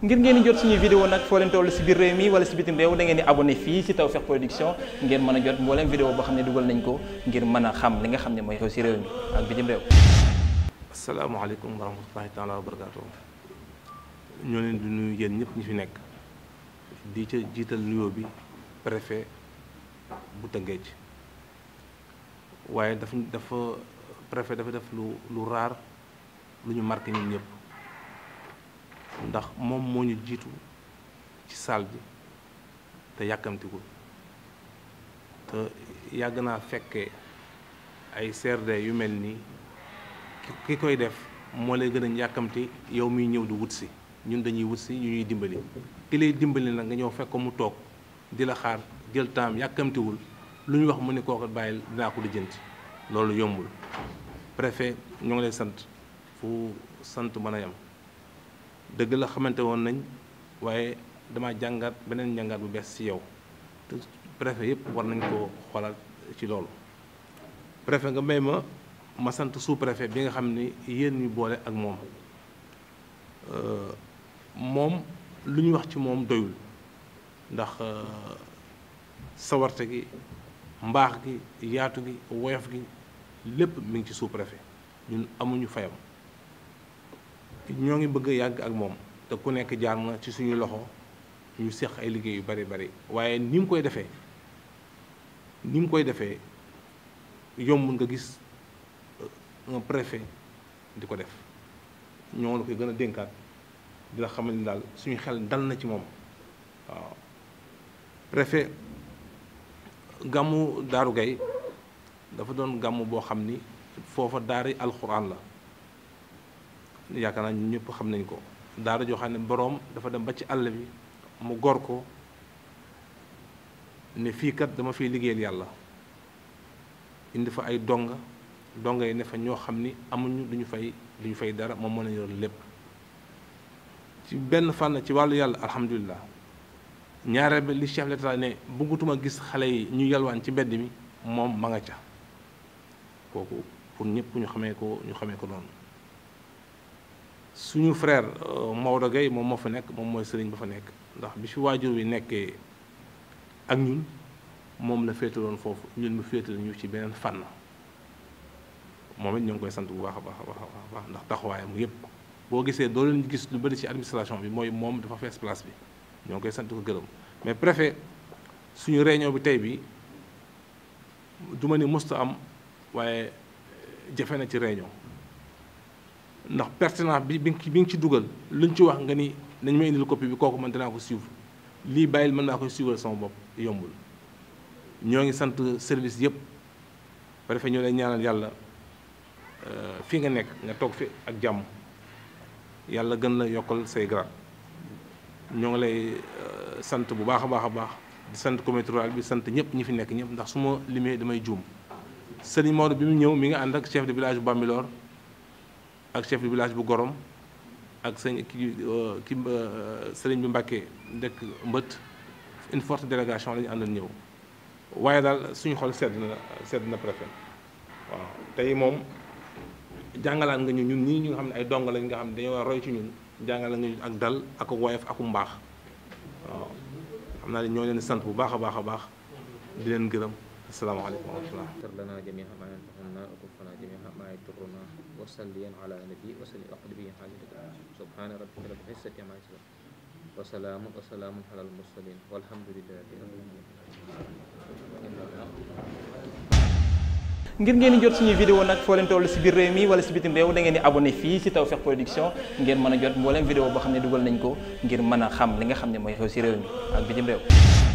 ngir ngeen jot suñu vidéo nag foo leen toll si biir réew mi wala si bitim réew da ngeen di abonné fii si Tawfekh Production ngeen mën a jot mbooleem vidéo boo xam ne dugal nañ ko ngir mën a xam li nga xam ne mooy xew si réew mi ak bitim réew asalaamaaleykum wa rahmatullahi taala wa di nuyu yéen ñëpp ñi fi nekk di jiital nuyoo bi préfet bu Tëngéej waaye dafa dafa préfet dafa def lu lu raar lu ñu mark ñun ñëpp ndax moom moo ñu jiitu ci salle bi te yàkkamtigul te yàgg naa fekke ay CRD yu mel ni ki koy def moo lay gën a yàkkamti yow muy ñëw di wut si ñun dañuy wut si ñu ñuy dimbali ki lay dimbali nag nga ñëw fekk ko mu toog di la xaar jël temps yàkkamtiwul lu ñu wax mu ne kooku bàyyil dinaa ko lijjanti loolu yombul préfet ñoo ngi lay sant fu sant mën a yam dëgg la xamante woon nañ waaye dama jàngaat beneen jàngaat bu bees ci yow te préfet yëpp war nañ ko xoolaat ci loolu préfet nga may ma ma sant sous préfet bi nga xam ni yéen ñu boole ak moom euh, moom lu ñu wax ci moom doyul ndax euh, sawarte gi mbaax gi yaatu gi woyof gi lépp mi ngi ci sous préfet ñun amuñu fayam ñoo ngi bëgg a yàgg ak moom te ku nekk jaar na ci suñu loxo ñu seq ay liggéey yu bari bari waaye ni mu koy defee ni mu koy defee yomb nga gis euh, un préfet di ko def ñoo la koy gën a dénkaat dina xamal ni daal suñu xel dal na ci moom waaw préfet gàmmu Daaru Gay dafa doon gàmmu boo xam ni foofa daari alxuraan la yaakaar naa ñun ñëpp xam nañ ko daara joo xam ne boroom dafa dem ba ci àll bi mu gor ko ne fii kat dama fiy liggéeyal yàlla indi fa ay donga donga yi ne fa ñoo xam ni amuñu duñu fay duñu fay dara moom mën a yor lépp ci benn fànn ci wàllu yàlla alhamdulilah ñaareel bi li chef l'état ne bëggatuma gis xale yi ñu yalwaan ci mbedd mi moom ma nga ca kooku pour ñëpp ñu xamee ko ñu xamee ko noonu suñu frère euh, Maodo Gueye moom moo fa nekk moom mooy sëriñ ba fa nekk ndax bi fi waajur wi nekkee ak ñun moom la féetaloon foofu ñun mu féetal ñu ci beneen fànn moom it ñoo ngi koy sant bu baax a baax a baax a baax ndax taxawaayam yëpp boo gisee doo leen gis lu bëri ci administration bi mooy moom dafa fees place bi ñoo ngi koy sant ko gërëm mais préfet suñu réunion bi tey bi du ma ni musta am waaye jafe na ci réunion ndax pertinence bi bi bi nga ci dugal luñ ci wax nga ni nañ ma indil copie bi kooku man dinaa ko suivre lii bàyyil mën naa koy suivre sama bopp yombul ñoo ngi sant service yëpp ba defee ñoo lay ñaanal yàlla euh, fii nga nekk nga toog fi ak jàmm yàlla gën la yokkal say grade ñoo ngi lay euh, sant bu baax a baax a baax di sant comité rural bi sant ñëpp ñi fi nekk ñëpp ndax su ma limee damay juum Serigne Maodo bi mu ñëw mi nga ànd ak chef de village bu Bambilor ak chef du village bu Gorom ak sëñ ki euh, ki euh, sëriñ bi Mbàkke dëkk mbëtt une forte délégation la ñu àndal ñëw waaye daal suñu xol sedd na sedd na préfet waaw tey moom jàngalaat nga ñu ñun ñii ñu nga xam ne ay dong lañ nga xam ne dañuy dañoo roy ci ñun jàngalaat nga ñu ak dal ak woyof ak mbaax waaw xam naa ne ñoo leen sant bu baax a baax a baax di leen gërëm. السلام عليكم ورحمة الله اغفر لنا جميعا ما ينفعنا وكفنا جميعا ما يضرنا وصليا على نبي وسلم أقلبي حاجتك سبحان ربك رب العزة عما يصفون وسلام وسلام على المرسلين والحمد لله رب العالمين ngir ngeen di jot suñuy vidéo nag foo leen toll si biir réew mi wala si bitim réew da ngeen di abonné fii si Tawfekh Production ngeen mën a jot mbooleem vidéo boo xam ne dugal nañ ko ngir mën a xam li nga xam ne mooy xew si réew mi ak bitim réew